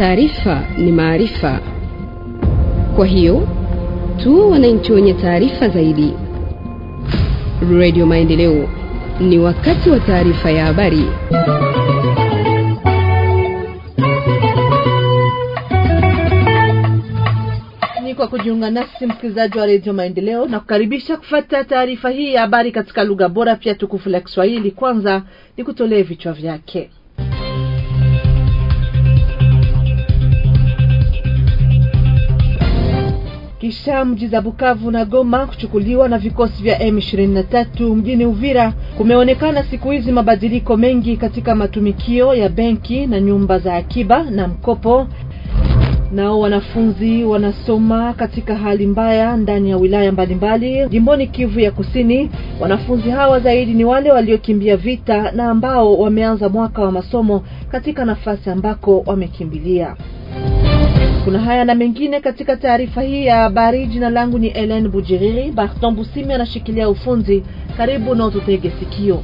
Taarifa ni maarifa, kwa hiyo tu wananchi wenye taarifa zaidi. Radio Maendeleo, ni wakati wa taarifa ya habari. Kwa kujiunga nasi msikilizaji wa redio Maendeleo na kukaribisha kufata taarifa hii ya habari katika lugha bora pia tukufu la Kiswahili. Kwanza ni kutolea vichwa vyake. kisha mji za Bukavu na Goma kuchukuliwa na vikosi vya M23 mjini Uvira, kumeonekana siku hizi mabadiliko mengi katika matumikio ya benki na nyumba za akiba na mkopo. Nao wanafunzi wanasoma katika hali mbaya ndani ya wilaya mbalimbali jimboni Kivu ya Kusini. Wanafunzi hawa zaidi ni wale waliokimbia vita na ambao wameanza mwaka wa masomo katika nafasi ambako wamekimbilia. Kuna haya na mengine katika taarifa hii ya habari. Jina langu ni Ellen Bujiriri. Barton Busimi anashikilia ufundi. Karibu na ututege sikio.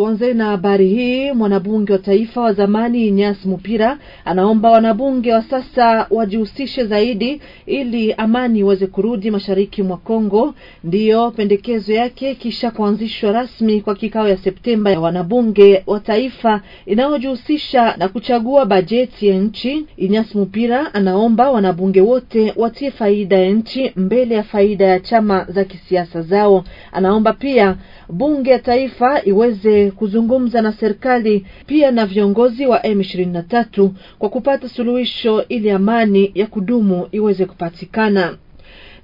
Tuanze na habari hii. Mwanabunge wa taifa wa zamani Nyas Mupira anaomba wanabunge wa sasa wajihusishe zaidi ili amani iweze kurudi mashariki mwa Kongo. Ndiyo pendekezo yake kisha kuanzishwa rasmi kwa kikao ya Septemba ya wanabunge wa taifa inayojihusisha na kuchagua bajeti ya nchi. Nyas Mupira anaomba wanabunge wote watie faida ya nchi mbele ya faida ya chama za kisiasa zao. Anaomba pia bunge ya taifa iweze kuzungumza na serikali pia na viongozi wa M23 kwa kupata suluhisho ili amani ya kudumu iweze kupatikana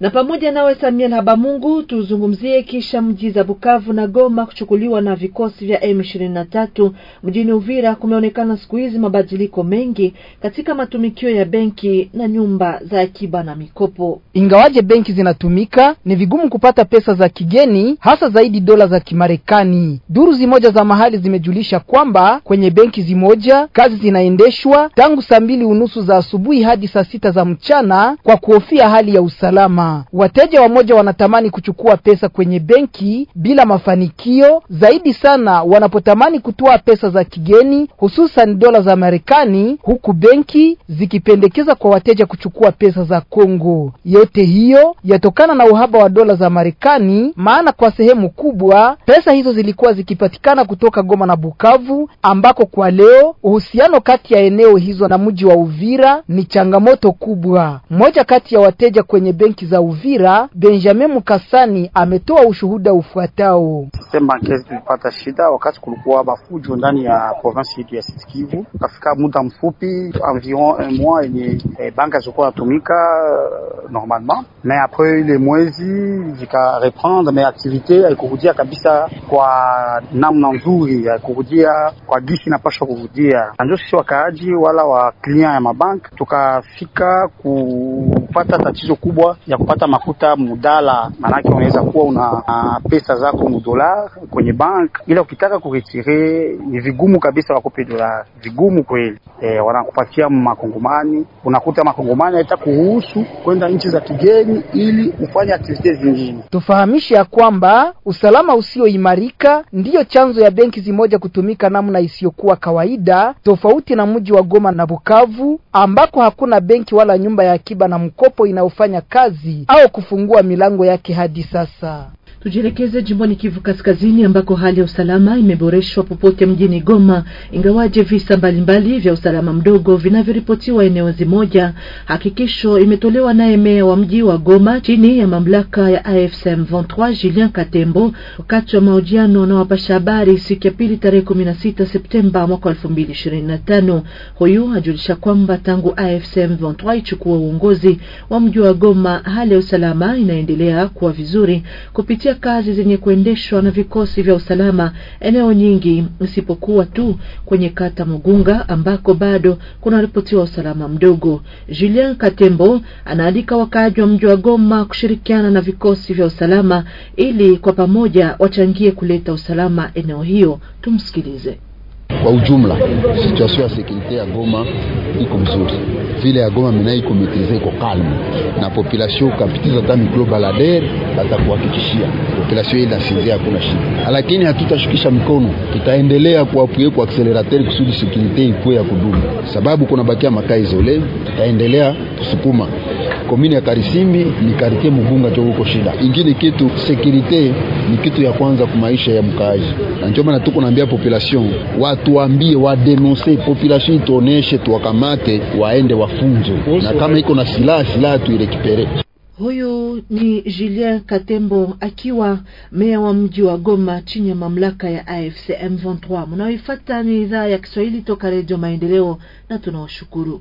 na pamoja nawe Samuel Habamungu. Tuzungumzie kisha mji za Bukavu na Goma kuchukuliwa na vikosi vya M23. Mjini Uvira kumeonekana siku hizi mabadiliko mengi katika matumikio ya benki na nyumba za akiba na mikopo. Ingawaje benki zinatumika, ni vigumu kupata pesa za kigeni, hasa zaidi dola za Kimarekani. Duru zimoja za mahali zimejulisha kwamba kwenye benki zimoja kazi zinaendeshwa tangu saa mbili unusu za asubuhi hadi saa sita za mchana kwa kuhofia hali ya usalama. Wateja wamoja wanatamani kuchukua pesa kwenye benki bila mafanikio, zaidi sana wanapotamani kutoa pesa za kigeni, hususan dola za Marekani, huku benki zikipendekeza kwa wateja kuchukua pesa za Kongo. Yote hiyo yatokana na uhaba wa dola za Marekani, maana kwa sehemu kubwa pesa hizo zilikuwa zikipatikana kutoka Goma na Bukavu, ambako kwa leo uhusiano kati ya eneo hizo na mji wa Uvira ni changamoto kubwa. Mmoja kati ya wateja kwenye benki za za Uvira, Benjamin Mukasani ametoa ushuhuda ufuatao. Sema kesi tulipata shida wakati kulikuwa bafujo ndani ya province yetu ya Sud-Kivu. Kafika muda mfupi environ un mois yenye eh, banka zilikuwa natumika euh, normalement, mais après ile mwezi zika reprendre mais activite haikurudia kabisa kwa namna nzuri, haikurudia kwa gisi napasha kurudia. Ndio sisi wakaaji wala wa client ya mabank tukafika kupata tatizo kubwa ya kupata makuta mudala, maanake unaweza kuwa una uh, pesa zako mudolar kwenye bank, ila ukitaka kuretire ni vigumu kabisa, wakupe dolar vigumu kweli. E, wanakupatia makongomani, unakuta makongomani haita kuruhusu kwenda nchi za kigeni ili ufanye aktivite zingine. Tufahamishe ya kwamba usalama usioimarika ndiyo chanzo ya benki zimoja kutumika namna isiyokuwa kawaida, tofauti na mji wa Goma na Bukavu ambako hakuna benki wala nyumba ya akiba na mkopo inayofanya kazi au kufungua milango yake hadi sasa. Tujielekeze jimboni Kivu Kaskazini ambako hali ya usalama imeboreshwa popote mjini Goma, ingawaje visa mbalimbali vya usalama mdogo vinavyoripotiwa eneo zimoja. Hakikisho imetolewa naye meya wa mji wa Goma chini ya mamlaka ya AFC M23 Julien Katembo wakati wa mahojiano na wapasha habari siku ya pili tarehe 16 Septemba mwaka 2025. Huyu ajulisha kwamba tangu AFC M23 ichukua uongozi wa mji wa Goma, hali ya usalama inaendelea kuwa vizuri kupitia kazi zenye kuendeshwa na vikosi vya usalama eneo nyingi, isipokuwa tu kwenye kata Mugunga ambako bado kuna kunaripotiwa usalama mdogo. Julien Katembo anaalika wakaaji wa mji wa Goma kushirikiana na vikosi vya usalama ili kwa pamoja wachangie kuleta usalama eneo hiyo. Tumsikilize. Kwa ujumla situation ya sekurite ya Goma iko mzuri, vile ya Goma mina iko mitrize, iko kalme na population. Ukapitiza hata miklo balader batakuhakikishia population nasinzia, hakuna shida, lakini hatutashukisha mikono, tutaendelea kuapuye kwa akselerater kusudi sekurite ikuwe ya kudumu, sababu kuna bakia makaa izole, tutaendelea kusukuma komini ya Karisimbi ni kartie Mugunga cho huko shida. Ingine kitu sekirite ni kitu ya kwanza maisha ya mkaaji, na ndio maana tuko naambia population watuambie, wadenonse population ituoneshe, tuwakamate, waende wafunzo, na kama iko na silaha silaha tuirekipere. Huyu ni Julien Katembo akiwa meya wa mji wa Goma chini ya mamlaka ya AFC M23. Mnaoifuata ni idhaa ya Kiswahili toka Radio Maendeleo na tunawashukuru.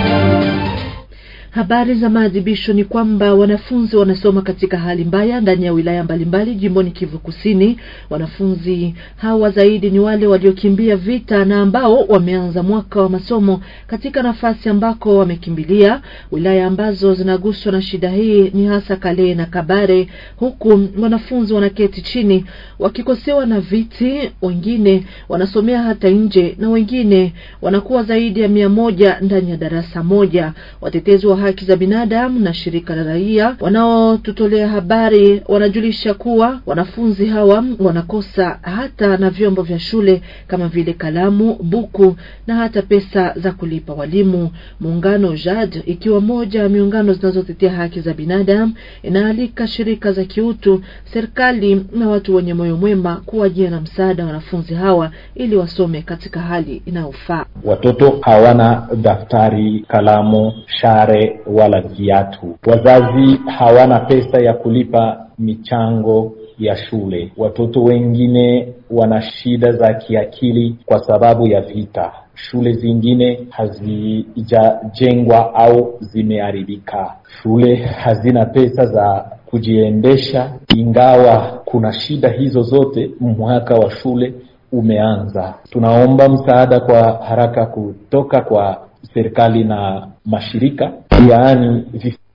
Habari za maadhibisho ni kwamba wanafunzi wanasoma katika hali mbaya ndani ya wilaya mbalimbali jimboni Kivu Kusini. Wanafunzi hawa zaidi ni wale waliokimbia vita na ambao wameanza mwaka wa masomo katika nafasi ambako wamekimbilia. Wilaya ambazo zinaguswa na shida hii ni hasa Kale na Kabare, huku wanafunzi wanaketi chini wakikosewa na viti, wengine wanasomea hata nje na wengine wanakuwa zaidi ya mia moja ndani ya darasa moja. Watetezi wa haki za binadamu na shirika la raia wanaotutolea habari wanajulisha kuwa wanafunzi hawa wanakosa hata na vyombo vya shule kama vile kalamu, buku na hata pesa za kulipa walimu. Muungano JAD ikiwa moja ya miungano zinazotetea haki za binadamu inaalika shirika za kiutu, serikali na watu wenye moyo mwema kuwajia na msaada wanafunzi hawa ili wasome katika hali inayofaa. Watoto hawana daftari, kalamu, share wala viatu. Wazazi hawana pesa ya kulipa michango ya shule. Watoto wengine wana shida za kiakili kwa sababu ya vita. Shule zingine hazijajengwa au zimeharibika. Shule hazina pesa za kujiendesha. Ingawa kuna shida hizo zote, mwaka wa shule umeanza. Tunaomba msaada kwa haraka kutoka kwa serikali na mashirika, yaani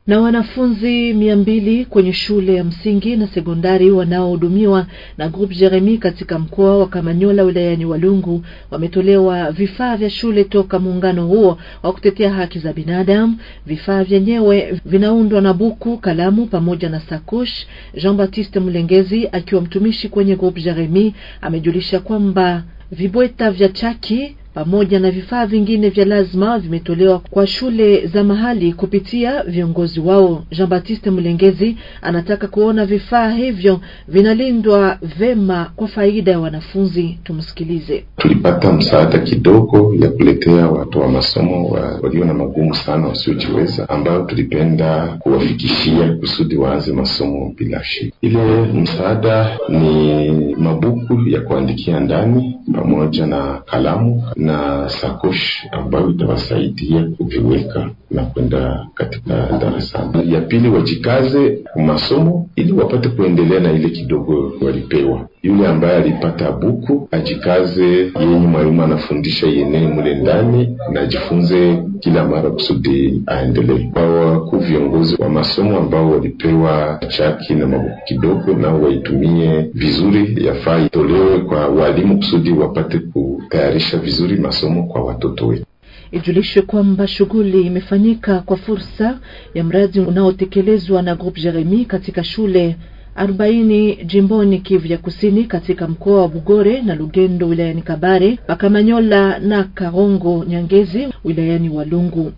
na wanafunzi mia mbili kwenye shule ya msingi na sekondari wanaohudumiwa na Groupe jeremi katika mkoa wa Kamanyola wilayani Walungu wametolewa vifaa vya shule toka muungano huo wa kutetea haki za binadamu. Vifaa vyenyewe vinaundwa na buku, kalamu pamoja na sakosh. Jean Baptiste Mlengezi akiwa mtumishi kwenye Groupe jeremi amejulisha kwamba vibweta vya chaki pamoja na vifaa vingine vya lazima vimetolewa kwa shule za mahali kupitia viongozi wao. Jean Baptiste Mlengezi anataka kuona vifaa hivyo vinalindwa vema kwa faida ya wanafunzi. Tumsikilize. Tulipata msaada kidogo ya kuletea watu wa masomo walio na magumu sana wasiojiweza, ambao tulipenda kuwafikishia kusudi waanze masomo bila shida. Ile msaada ni mabuku ya kuandikia ndani pamoja na kalamu na sakoshi ambayo itawasaidia kuviweka na kwenda katika darasani. Ya pili, wajikaze masomo ili wapate kuendelea na ile kidogo walipewa. Yule ambaye alipata buku ajikaze, yenye mwalimu anafundisha yenee mule ndani na ajifunze kila mara kusudi aendelee. Kwa wakuu viongozi wa masomo ambao walipewa chaki na mabuku kidogo, nao waitumie vizuri, yafaa itolewe kwa walimu kusudi wapate kutayarisha vizuri masomo kwa watoto wetu. Ijulishwe kwamba shughuli imefanyika kwa fursa ya mradi unaotekelezwa na Groupe jeremi katika shule 40 jimboni Kivu ya Kusini, katika mkoa wa Bugore na Lugendo wilayani Kabare, Pakamanyola na Karongo Nyangezi wilayani Walungu.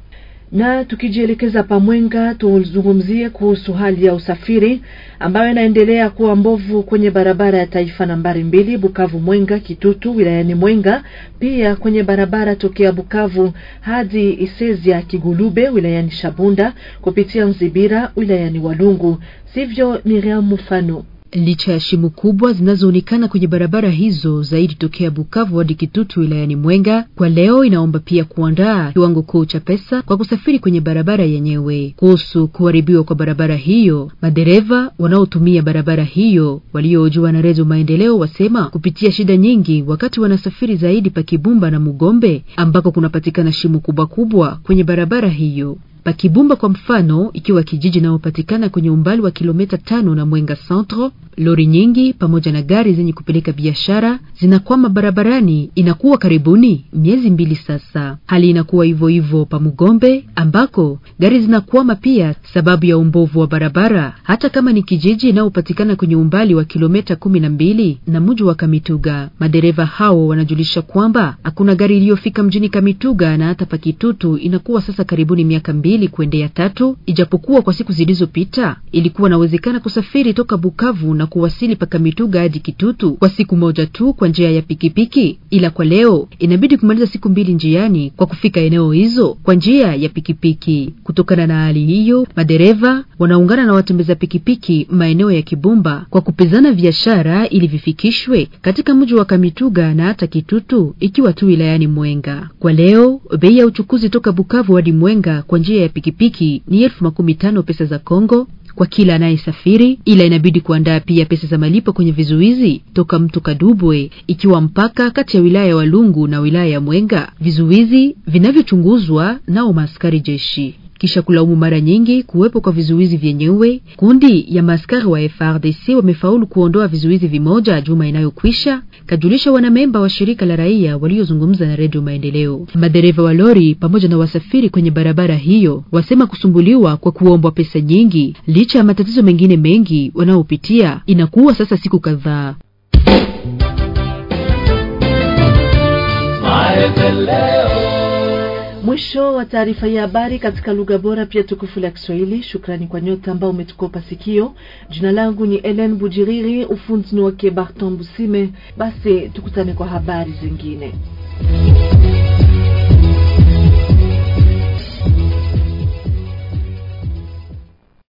Na tukijielekeza Pamwenga, tuzungumzie kuhusu hali ya usafiri ambayo inaendelea kuwa mbovu kwenye barabara ya taifa nambari mbili Bukavu Mwenga Kitutu wilayani Mwenga, pia kwenye barabara tokea Bukavu hadi Isezia Kigulube wilayani Shabunda kupitia Nzibira wilayani Walungu, sivyo Miriam Mufano. Licha ya shimo kubwa zinazoonekana kwenye barabara hizo zaidi tokea Bukavu hadi Kitutu wilayani Mwenga, kwa leo inaomba pia kuandaa kiwango kuu cha pesa kwa kusafiri kwenye barabara yenyewe. Kuhusu kuharibiwa kwa barabara hiyo, madereva wanaotumia barabara hiyo waliojua na Redio Maendeleo wasema kupitia shida nyingi wakati wanasafiri zaidi pa Kibumba na Mugombe ambako kunapatikana shimo kubwa kubwa kwenye barabara hiyo. Pakibumba kwa mfano, ikiwa kijiji inayopatikana kwenye umbali wa kilomita tano na Mwenga Centre, lori nyingi pamoja na gari zenye kupeleka biashara zinakwama barabarani, inakuwa karibuni miezi mbili sasa. Hali inakuwa hivyo hivyo pa Mugombe ambako gari zinakwama pia sababu ya umbovu wa barabara, hata kama ni kijiji inayopatikana kwenye umbali wa kilomita kumi na mbili na mji wa Kamituga. Madereva hao wanajulisha kwamba hakuna gari iliyofika mjini Kamituga na hata Pakitutu inakuwa sasa karibuni miaka mbili mbili kuendea tatu, ijapokuwa kwa siku zilizopita ilikuwa nawezekana kusafiri toka Bukavu na kuwasili Pakamituga hadi Kitutu kwa siku moja tu kwa njia ya pikipiki, ila kwa leo inabidi kumaliza siku mbili njiani kwa kufika eneo hizo kwa njia ya pikipiki. Kutokana na hali hiyo, madereva wanaungana na watembeza pikipiki maeneo ya Kibumba kwa kupezana biashara ili vifikishwe katika mji wa Kamituga na hata Kitutu, ikiwa tu wilayani Mwenga. Kwa leo bei ya uchukuzi toka Bukavu hadi Mwenga kwa njia bei ya pikipiki ni elfu makumi tano pesa za Kongo kwa kila anayesafiri, ila inabidi kuandaa pia pesa za malipo kwenye vizuizi toka mto Kadubwe, ikiwa mpaka kati ya wilaya ya Walungu na wilaya ya Mwenga, vizuizi vinavyochunguzwa nao maaskari jeshi kisha kulaumu mara nyingi kuwepo kwa vizuizi vyenyewe. Kundi ya maskari wa FRDC wamefaulu kuondoa vizuizi vimoja juma inayokwisha, kajulisha wanamemba wa shirika la raia waliozungumza na Redio Maendeleo. Madereva wa lori pamoja na wasafiri kwenye barabara hiyo wasema kusumbuliwa kwa kuombwa pesa nyingi, licha ya matatizo mengine mengi wanaopitia, inakuwa sasa siku kadhaa Maendeleo. Mwisho wa taarifa ya habari katika lugha bora pia tukufu la Kiswahili. Shukrani kwa nyota ambao umetukopa sikio. Jina langu ni Ellen Bujiriri, ufundi ni wake Barton Busime. Basi tukutane kwa habari zingine.